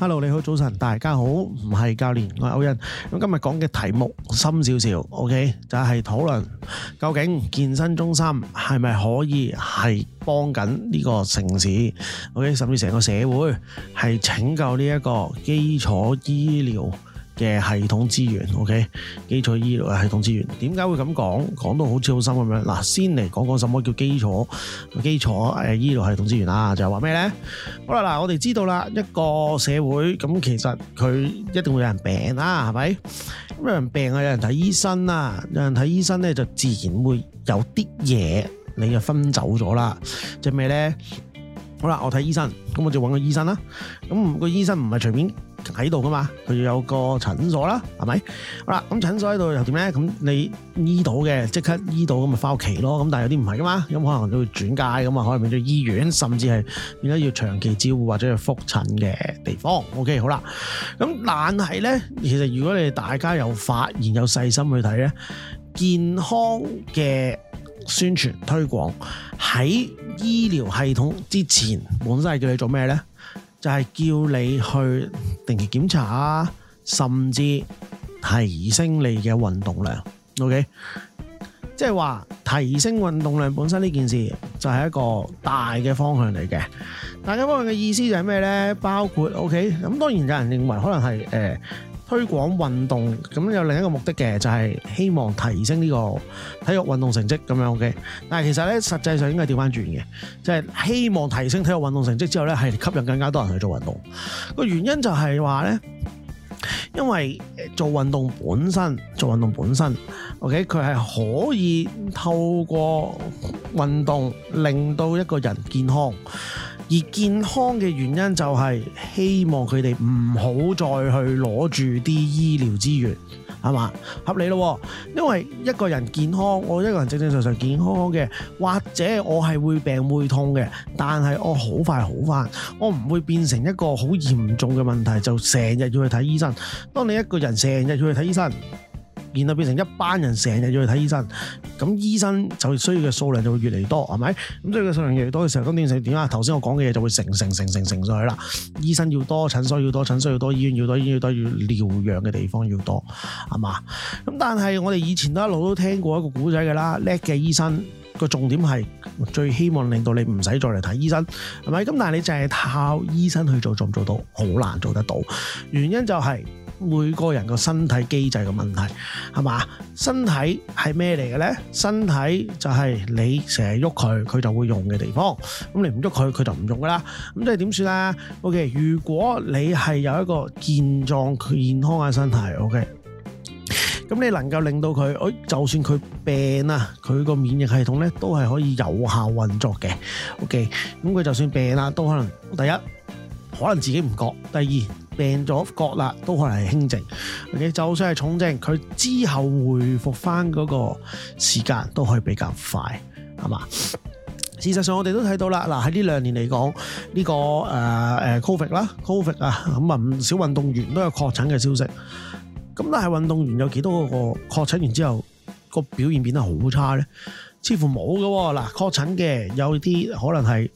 Hello，你好，早晨，大家好，唔係教練，我係歐恩。咁今日講嘅題目深少少，OK，就係討論究竟健身中心係咪可以係幫緊呢個城市，OK，甚至成個社會係拯救呢一個基礎醫療。嘅系統資源，OK，基礎醫療系統資源，點解會咁講？講到好似好深咁樣。嗱，先嚟講講什麼叫基礎基礎誒醫療系統資源啦、啊，就係話咩咧？好啦，嗱，我哋知道啦，一個社會咁，其實佢一定會有人病啦、啊，係咪？咁有人病啊，有人睇醫生啦、啊，有人睇醫生咧，就自然會有啲嘢你就分走咗啦。即係咩咧？好啦，我睇醫生，咁我就揾個醫生啦。咁個醫生唔係隨便。喺度噶嘛，佢要有個診所啦，係咪？好啦，咁診所喺度又點咧？咁你醫到嘅，即刻醫到咁咪翻屋企咯。咁但係有啲唔係噶嘛，咁可能都要轉介，咁啊可能變咗醫院，甚至係變咗要長期照顧或者要復診嘅地方。OK，好啦，咁但係咧，其實如果你大家有發現有細心去睇咧，健康嘅宣傳推廣喺醫療系統之前，本身係叫你做咩咧？就係叫你去定期檢查啊，甚至提升你嘅運動量。OK，即係話提升運動量本身呢件事就係一個大嘅方向嚟嘅。大嘅方向嘅意思就係咩呢？包括 OK，咁當然有人認為可能係推廣運動咁有另一個目的嘅，就係希望提升呢個體育運動成績咁樣。OK，但係其實咧，實際上應該調翻轉嘅，就係希望提升體育運動成績之後咧，係吸引更加多人去做運動。個原因就係話咧，因為做運動本身，做運動本身，OK，佢係可以透過運動令到一個人健康。而健康嘅原因就係希望佢哋唔好再去攞住啲醫療資源，係嘛？合理咯哦。因為一個人健康，我一個人正正常常健康嘅，或者我係會病會痛嘅，但係我好快好翻，我唔會變成一個好嚴重嘅問題，就成日要去睇醫生。當你一個人成日要去睇醫生。然後變成一班人成日要去睇醫生，咁醫生就需要嘅數量就會越嚟越多，係咪？咁所以個數量越嚟越多嘅時候，咁變成點啊？頭先我講嘅嘢就會成成成成成上去啦。醫生要多，診所要多，診所要多，醫院要多，醫院要多，要多，要療養嘅地方要多，係嘛？咁但係我哋以前都一路都聽過一個古仔嘅啦，叻嘅醫生個重點係最希望令到你唔使再嚟睇醫生，係咪？咁但係你淨係靠醫生去做，做唔做到？好難做得到，原因就係……每個人個身體機制嘅問題係嘛？身體係咩嚟嘅咧？身體就係你成日喐佢，佢就會用嘅地方。咁你唔喐佢，佢就唔用噶啦。咁即係點算啊？OK，如果你係有一個健壯健康嘅身體，OK，咁你能夠令到佢，哎，就算佢病啦，佢個免疫系統咧都係可以有效運作嘅。OK，咁佢就算病啦，都可能第一可能自己唔覺，第二。病咗骨啦，都可能係輕症。你就算係重症，佢之後恢復翻嗰個時間都可以比較快，係嘛？事實上，我哋都睇到啦。嗱，喺呢兩年嚟講，呢個誒誒 Covid 啦，Covid 啊，咁啊唔少運動員都有確診嘅消息。咁但係運動員有幾多嗰個確診完之後個表現變得好差呢？似乎冇噶。嗱，確診嘅有啲可能係。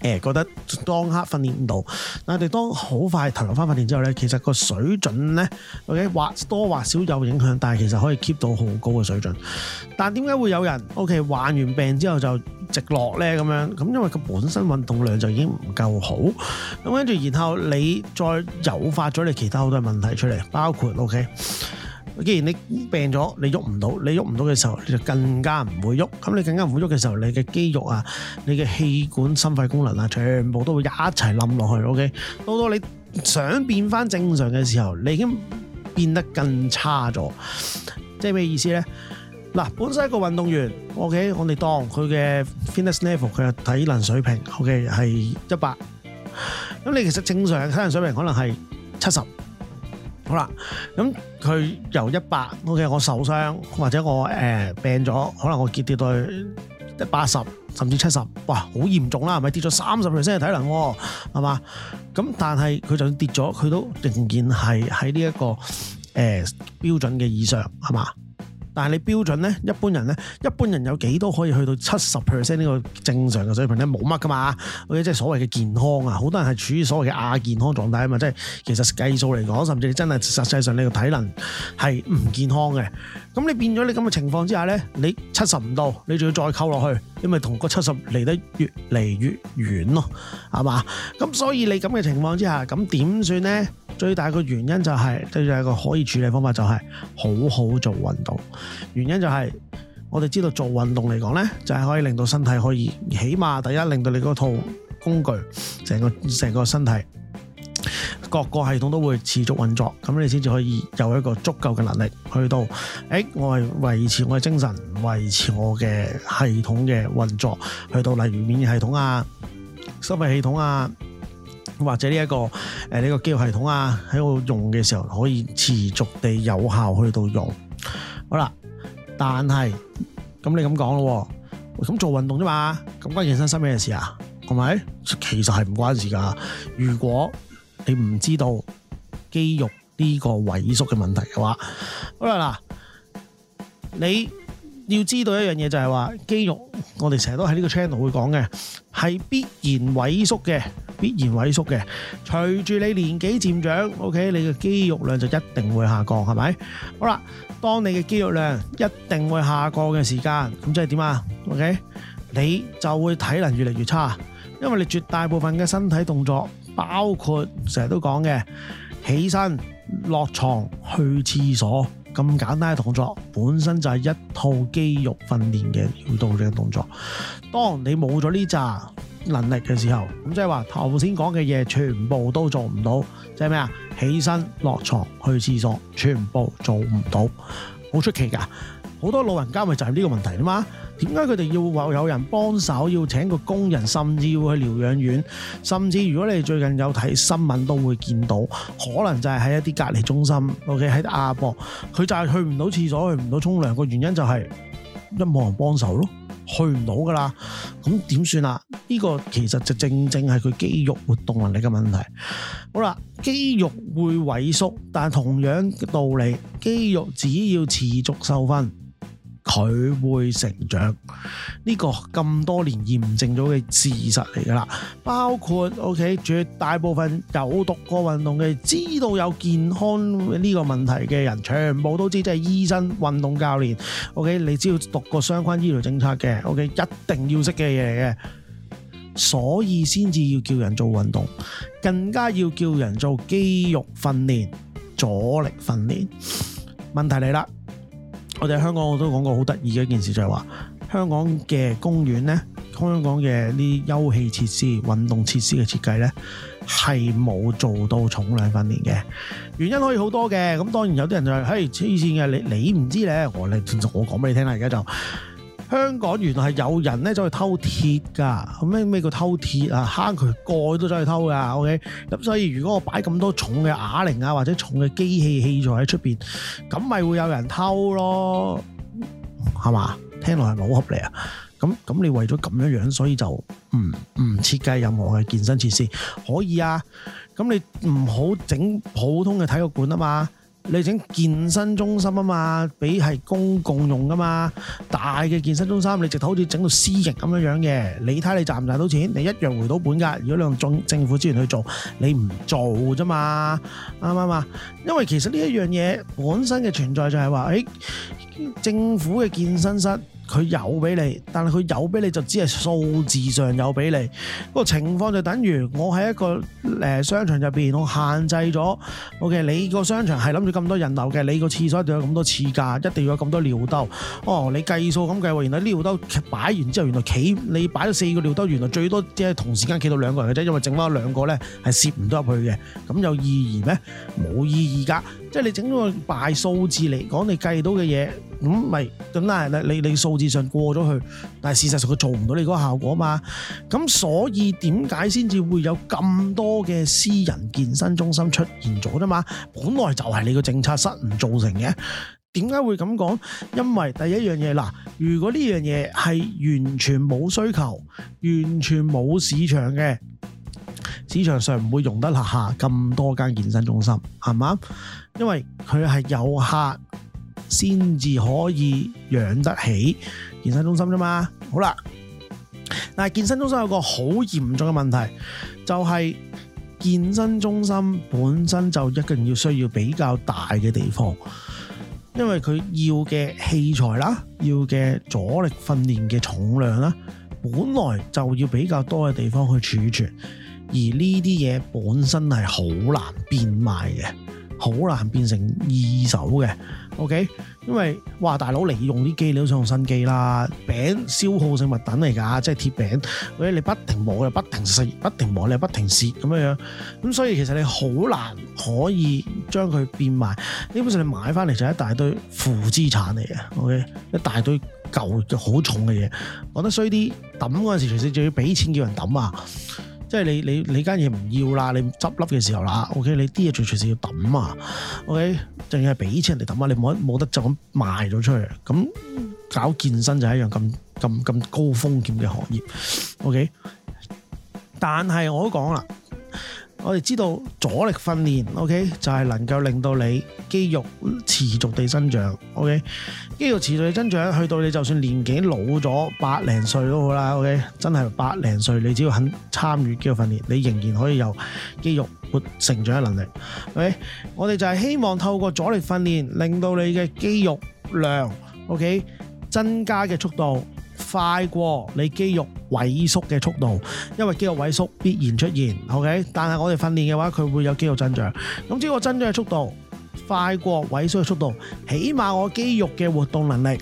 誒、欸、覺得當刻訓練唔到，但係我哋當好快投入翻訓練之後呢，其實個水準呢，OK 或多或少有影響，但係其實可以 keep 到好高嘅水準。但係點解會有人 OK 患完病之後就直落呢？咁樣？咁因為佢本身運動量就已經唔夠好，咁跟住然後你再誘發咗你其他好多問題出嚟，包括 OK。既然你病咗，你喐唔到，你喐唔到嘅時候，你就更加唔會喐。咁你更加唔會喐嘅時候，你嘅肌肉啊，你嘅氣管、心肺功能啊，全部都會一齊冧落去。OK，到到你想變返正常嘅時候，你已經變得更差咗。即係咩意思呢？嗱，本身一個運動員，OK，我哋當佢嘅 fitness level，佢嘅體能水平，OK，係一百。咁你其實正常嘅體能水平可能係七十。好啦，咁佢由一百，O.K. 我受傷或者我、呃、病咗，可能我跌跌到去八十甚至七十，哇，好嚴重啦，係咪跌咗三十 percent 嘅體能喎、啊，係嘛？咁但係佢就算跌咗，佢都仍然係喺呢一個誒、呃、標準嘅以上，係嘛？但係你標準咧，一般人咧，一般人有幾多可以去到七十 percent 呢個正常嘅水平咧？冇乜噶嘛，或者即係所謂嘅健康啊，好多人係處於所謂嘅亞健康狀態啊嘛，即係其實計數嚟講，甚至你真係實際上你個體能係唔健康嘅。咁你變咗你咁嘅情況之下咧，你七十唔到，你仲要再扣落去，因為同個七十離得越嚟越遠咯，係嘛？咁所以你咁嘅情況之下，咁點算咧？最大嘅原因就係，最大個可以處理方法就係好好做運動。原因就係、是、我哋知道做運動嚟講呢就係、是、可以令到身體可以起碼第一令到你嗰套工具成個整個身體各個系統都會持續運作，咁你先至可以有一個足夠嘅能力去到誒、欸，我係維持我嘅精神，維持我嘅系統嘅運作，去到例如免疫系統啊、呼吸系統啊，或者呢、這、一個誒呢、呃這個肌肉系統啊，喺我用嘅時候可以持續地有效去到用。好啦，但係咁你咁講咯，咁做運動啫嘛，咁關健身生咩事啊？係咪？其實係唔關事噶。如果你唔知道肌肉呢個萎縮嘅問題嘅話，好啦，嗱，你。要知道一樣嘢，就係話肌肉，我哋成日都喺呢個 channel 會講嘅，係必然萎縮嘅，必然萎縮嘅。隨住你年紀漸長咁簡單嘅動作本身就係一套肌肉訓練嘅要到嘅動作。當你冇咗呢扎能力嘅時候，咁即係話頭先講嘅嘢全部都做唔到，即係咩啊？起身、落床、去廁所，全部做唔到，好出奇㗎。好多老人家咪就係呢個問題啦嘛？點解佢哋要話有人幫手，要請個工人，甚至要去療養院？甚至如果你最近有睇新聞，都會見到，可能就係喺一啲隔離中心。OK，喺阿博，佢就係去唔到廁所，去唔到沖涼。個原因就係一冇人幫手咯，去唔到噶啦。咁點算啊？呢個其實就正正係佢肌肉活動能力嘅問題。好啦，肌肉會萎縮，但同樣道理，肌肉只要持續受訓。佢會成長，呢個咁多年驗證咗嘅事實嚟噶啦。包括 OK，絕大部分有讀過運動嘅，知道有健康呢個問題嘅人，全部都知，即係醫生、運動教練。OK，你只要讀過相關醫療政策嘅，OK，一定要識嘅嘢嚟嘅。所以先至要叫人做運動，更加要叫人做肌肉訓練、阻力訓練。問題嚟啦～我哋香港我都講過好得意嘅一件事，就係話香港嘅公園呢，香港嘅啲休憩設施、運動設施嘅設計呢，係冇做到重量訓練嘅。原因可以好多嘅，咁當然有啲人就係嘿黐線嘅，你你唔知呢？我，我你我講俾你聽啦，而家就。香港原來係有人咧走去偷鐵㗎，咁咩咩叫偷鐵啊？坑渠蓋都走去偷㗎，OK？咁所以如果我擺咁多重嘅啞鈴啊，或者重嘅機器器材喺出面，咁咪會有人偷咯，係嘛？聽落係好合理啊！咁咁你為咗咁樣樣，所以就唔唔設計任何嘅健身設施，可以啊？咁你唔好整普通嘅體育館啊嘛～你整健身中心啊嘛，俾係公共用噶嘛，大嘅健身中心你直頭好似整到私營咁樣樣嘅，你睇你賺唔賺到錢，你一樣回到本㗎。如果你用政政府資源去做，你唔做啫嘛，啱唔啱啊？因為其實呢一樣嘢本身嘅存在就係話，誒政府嘅健身室。佢有俾你，但係佢有俾你就只係數字上有俾你，個情況就等於我喺一個誒商場入邊，我限制咗。O.K. 你個商場係諗住咁多人流嘅，你個廁所一定要有咁多廁格，一定要有咁多尿兜。哦，你計數咁計，原來尿兜擺完之後，原來企你擺咗四個尿兜，原來最多即係同時間企到兩個人嘅啫，因為整翻兩個咧係攝唔到入去嘅。咁有意義咩？冇意義噶，即係你整咗個大數字嚟講，你計到嘅嘢。咁咪咁啦，你你數字上過咗去，但係事實上佢做唔到你嗰個效果嘛。咁所以點解先至會有咁多嘅私人健身中心出現咗啫嘛？本來就係你個政策失誤造成嘅。點解會咁講？因為第一樣嘢嗱，如果呢樣嘢係完全冇需求、完全冇市場嘅，市場上唔會容得下咁多間健身中心，係嘛？因為佢係有客。先至可以養得起健身中心啫嘛。好啦，嗱，健身中心有個好嚴重嘅問題，就係健身中心本身就一定要需要比較大嘅地方，因為佢要嘅器材啦，要嘅阻力訓練嘅重量啦，本來就要比較多嘅地方去儲存，而呢啲嘢本身係好難變賣嘅，好難變成二手嘅。OK，因為哇，大佬嚟用啲機你都想用新機啦，餅消耗性物等嚟㗎，即係鐵餅、okay? 你。你不停磨，又不停蝕，不停磨你又不停蝕咁樣樣。咁所以其實你好難可以將佢變賣。基本上你買翻嚟就係一大堆負資產嚟嘅。OK，一大堆舊嘅好重嘅嘢。講得衰啲，抌嗰陣時，隨時仲要俾錢叫人抌啊！即係你你你間嘢唔要啦，你執笠嘅時候啦，OK，你啲嘢隨隨時要抌啊，OK，淨係俾錢人哋抌啊，你冇得冇得就咁賣咗出去，咁搞健身就係一樣咁咁咁高風險嘅行業，OK，但係我都講啦。我哋知道阻力訓練，OK，就係能夠令到你肌肉持續地增長，OK。肌肉持續地增長，去到你就算年紀老咗百零歲都好啦，OK。真係百零歲，你只要肯參與肌肉訓練，你仍然可以有肌肉活成長嘅能力，OK。我哋就係希望透過阻力訓練，令到你嘅肌肉量，OK，增加嘅速度快過你肌肉萎縮嘅速度，因為肌肉萎縮必然出現，OK？但係我哋訓練嘅話，佢會有肌肉增長，咁只要增長嘅速度快過萎縮嘅速度，起碼我肌肉嘅活動能力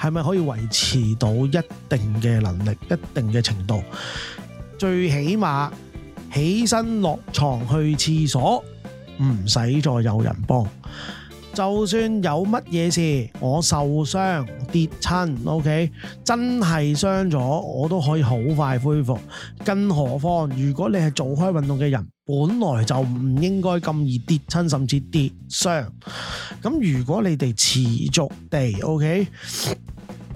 係咪可以維持到一定嘅能力，一定嘅程度？最起碼起身落床去廁所唔使再有人幫。就算有乜嘢事，我受傷跌親，OK，真係傷咗，我都可以好快恢復。更何況如果你係做開運動嘅人，本來就唔應該咁易跌親，甚至跌傷。咁如果你哋持續地，OK，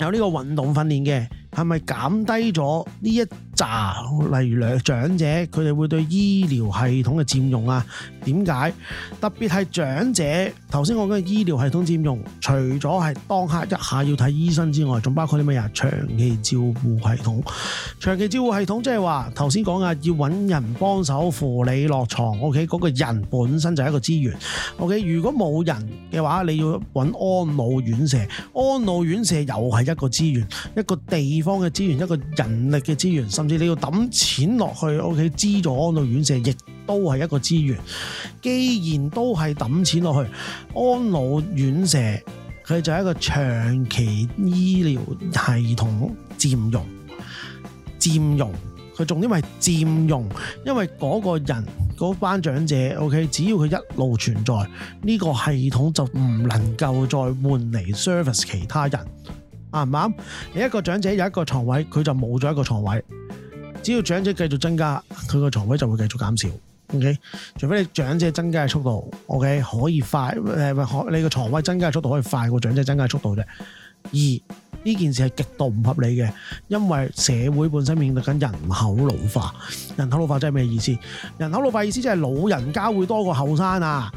有呢個運動訓練嘅。係咪減低咗呢一紮？例如兩長者，佢哋會對醫療系統嘅佔用啊？點解？特別係長者。頭先我講嘅醫療系統佔用，除咗係當刻一下要睇醫生之外，仲包括啲咩啊？長期照顧系統。長期照顧系統即係話頭先講啊，要揾人幫手扶你落床。O K，嗰個人本身就係一個資源。O K，如果冇人嘅話，你要揾安老院舍。安老院舍又係一個資源，一個地。地方嘅資源，一個人力嘅資源，甚至你要抌錢落去，O K，資助安老院舍亦都係一個資源。既然都係抌錢落去，安老院舍佢就係一個長期醫療系統，佔用、佔用。佢重點係佔用，因為嗰個人、嗰班長者，O K，只要佢一路存在，呢個系統就唔能夠再換嚟 service 其他人。啱唔啱？你一個長者有一個床位，佢就冇咗一個床位。只要長者繼續增加，佢個床位就會繼續減少。OK，除非你長者增加嘅速度，OK 可以快，誒你個床位增加嘅速度可以快過長者增加嘅速度啫。而呢件事係極度唔合理嘅，因為社會本身面對緊人口老化。人口老化即係咩意思？人口老化意思即係老人家會多過後生啊！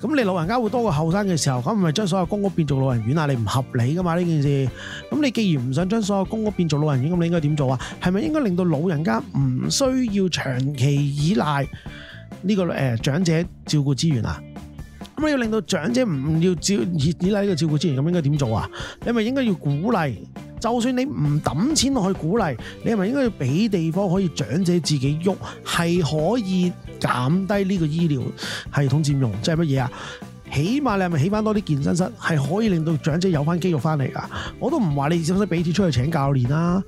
咁你老人家會多過後生嘅時候，咁唔係將所有公屋變做老人院啊？你唔合理噶嘛呢件事。咁你既然唔想將所有公屋變做老人院，咁你，你，你應該點做啊？係咪應該令到老人家唔需要長期依賴呢、這個誒、呃、長者照顧資源啊？咁要令到長者唔要照依賴呢個照顧資源，咁應該點做啊？你咪應該要鼓勵，就算你唔抌錢去鼓勵，你係咪應該要俾地方可以長者自己喐，係可以？減低呢個醫療系統佔用，即係乜嘢啊？起碼你係咪起翻多啲健身室，係可以令到長者有翻肌肉翻嚟噶？我都唔話你使唔使俾錢出去請教練啦、啊？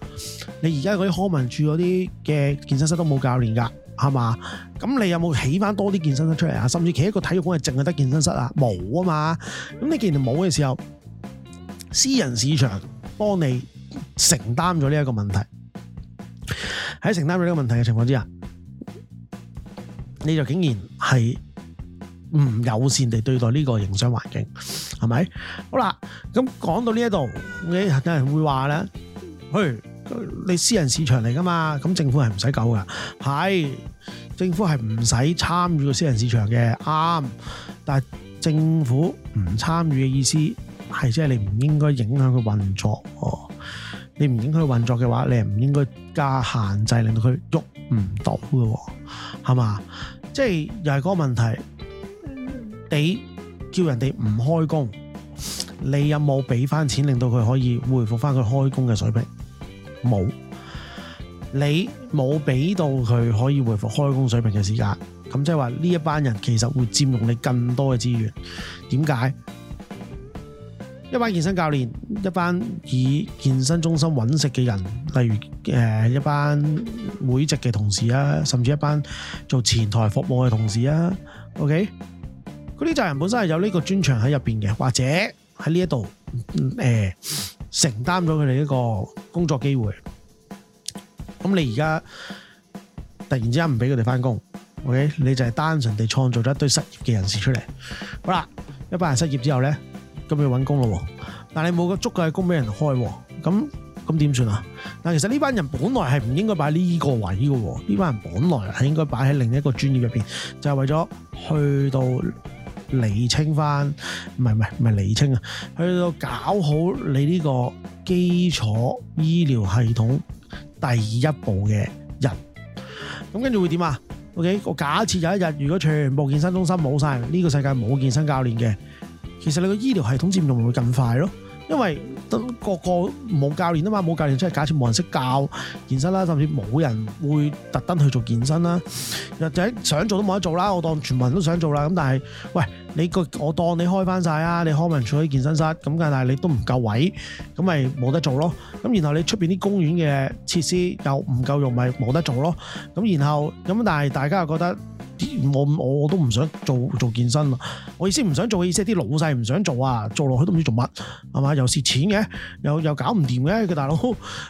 你而家嗰啲康文署嗰啲嘅健身室都冇教練噶，係嘛？咁你有冇起翻多啲健身室出嚟啊？甚至企一個體育館係淨係得健身室啊，冇啊嘛？咁你既然冇嘅時候，私人市場幫你承擔咗呢一個問題，喺承擔咗呢個問題嘅情況之下。你就竟然係唔友善地對待呢個營商環境，係咪？好啦，咁講到呢一度，有人會話咧，去你私人市場嚟㗎嘛，咁政府係唔使搞㗎，係政府係唔使參與個私人市場嘅，啱。但係政府唔參與嘅意思係即係你唔應該影響佢運作喎。你唔影響佢運作嘅話，你唔應該加限制，令到佢喐唔到㗎喎。係嘛？即係又係嗰個問題。你叫人哋唔開工，你有冇俾翻錢令到佢可以恢復翻佢開工嘅水平？冇，你冇俾到佢可以恢復開工水平嘅時間。咁即係話呢一班人其實會佔用你更多嘅資源。點解？一班健身教練，一班以健身中心揾食嘅人，例如誒一班會籍嘅同事啊，甚至一班做前台服務嘅同事啊，OK，嗰啲就係人本身係有呢個專長喺入邊嘅，或者喺呢一度誒承擔咗佢哋一個工作機會。咁你而家突然之間唔俾佢哋翻工，OK，咁要揾工咯，但係你冇個足夠嘅工俾人開，咁咁點算啊？但係其實呢班人本來係唔應該擺呢個位嘅，呢班人本來係應該擺喺另一個專業入邊，就係為咗去到釐清翻，唔係唔係唔係釐清啊，去到搞好你呢個基礎醫療系統第一步嘅人。咁跟住會點啊？O K，我假設有一日，如果全部健身中心冇晒，呢個世界冇健身教練嘅。其實你個醫療系統佔用會更快咯，因為都個個冇教練啊嘛，冇教練即係假設冇人識教健身啦，甚至冇人會特登去做健身啦，或者想做都冇得做啦。我當全民都想做啦，咁但係，喂，你個我當你開翻曬啊，你康文署嘅健身室咁嘅，但係你都唔夠位，咁咪冇得做咯。咁然後你出面啲公園嘅設施又唔夠用，咪冇得做咯。咁然後咁，但係大家又覺得。我我我都唔想做做健身啦，我意思唔想做嘅意思係啲老細唔想做啊，做落去都唔知做乜，係嘛？又蝕錢嘅，又又搞唔掂嘅，個大佬，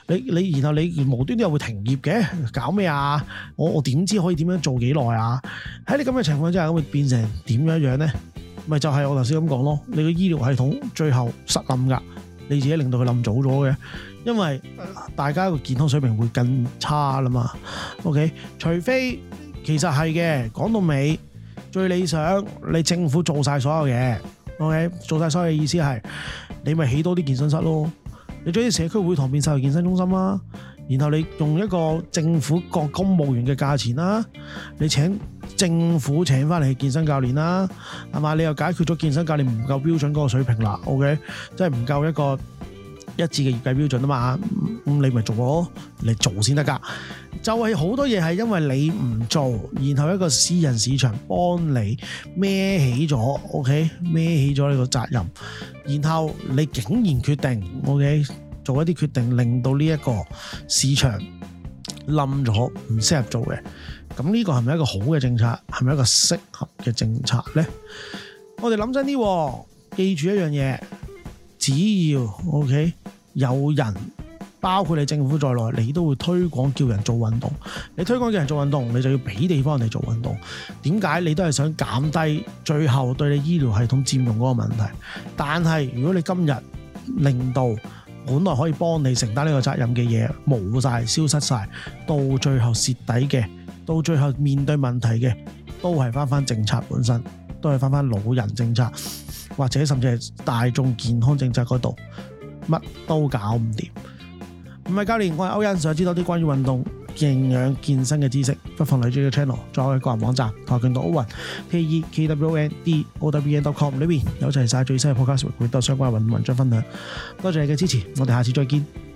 你你然後你無端端又會停業嘅，搞咩啊？我我點知可以點樣做幾耐啊？喺你咁嘅情況之下，會變成點樣樣咧？咪就係我頭先咁講咯，你個醫療系統最後實冧噶，你自己令到佢冧早咗嘅，因為大家個健康水平會更差啦嘛。OK，除非。其實係嘅，講到尾最理想，你政府做晒所有嘢，OK？做晒所有嘅意思係，你咪起多啲健身室咯，你將啲社區會堂變晒去健身中心啦，然後你用一個政府個公務員嘅價錢啦，你請政府請翻嚟嘅健身教練啦，係嘛？你又解決咗健身教練唔夠標準嗰個水平啦，OK？即係唔夠一個。一致嘅業界標準啊嘛，咁你咪做咯，嚟做先得㗎。就係、是、好多嘢係因為你唔做，然後一個私人市場幫你孭起咗，OK，孭起咗你個責任，然後你竟然決定，OK，做一啲決定，令到呢一個市場冧咗，唔適合做嘅。咁呢個係咪一個好嘅政策？係咪一個適合嘅政策呢？我哋諗真啲，記住一樣嘢，只要 OK。有人包括你政府在內，你都會推廣叫人做運動。你推廣叫人做運動，你就要俾地方人哋做運動。點解你都係想減低最後對你醫療系統佔用嗰個問題？但係如果你今日令到本來可以幫你承擔呢個責任嘅嘢冇晒消失晒，到最後蝕底嘅，到最後面對問題嘅，都係翻翻政策本身，都係翻翻老人政策或者甚至係大眾健康政策嗰度。乜都搞唔掂，唔係教練，我係歐恩，想知道啲關於運動營養健身嘅知識，不妨嚟住個 channel，再去嘅個人網站跆拳道歐雲 T A E K W O N D O W E N dot com 裏邊有齊晒最新嘅 Podcast，會，到相關嘅運動文章分享。多謝你嘅支持，我哋下次再見。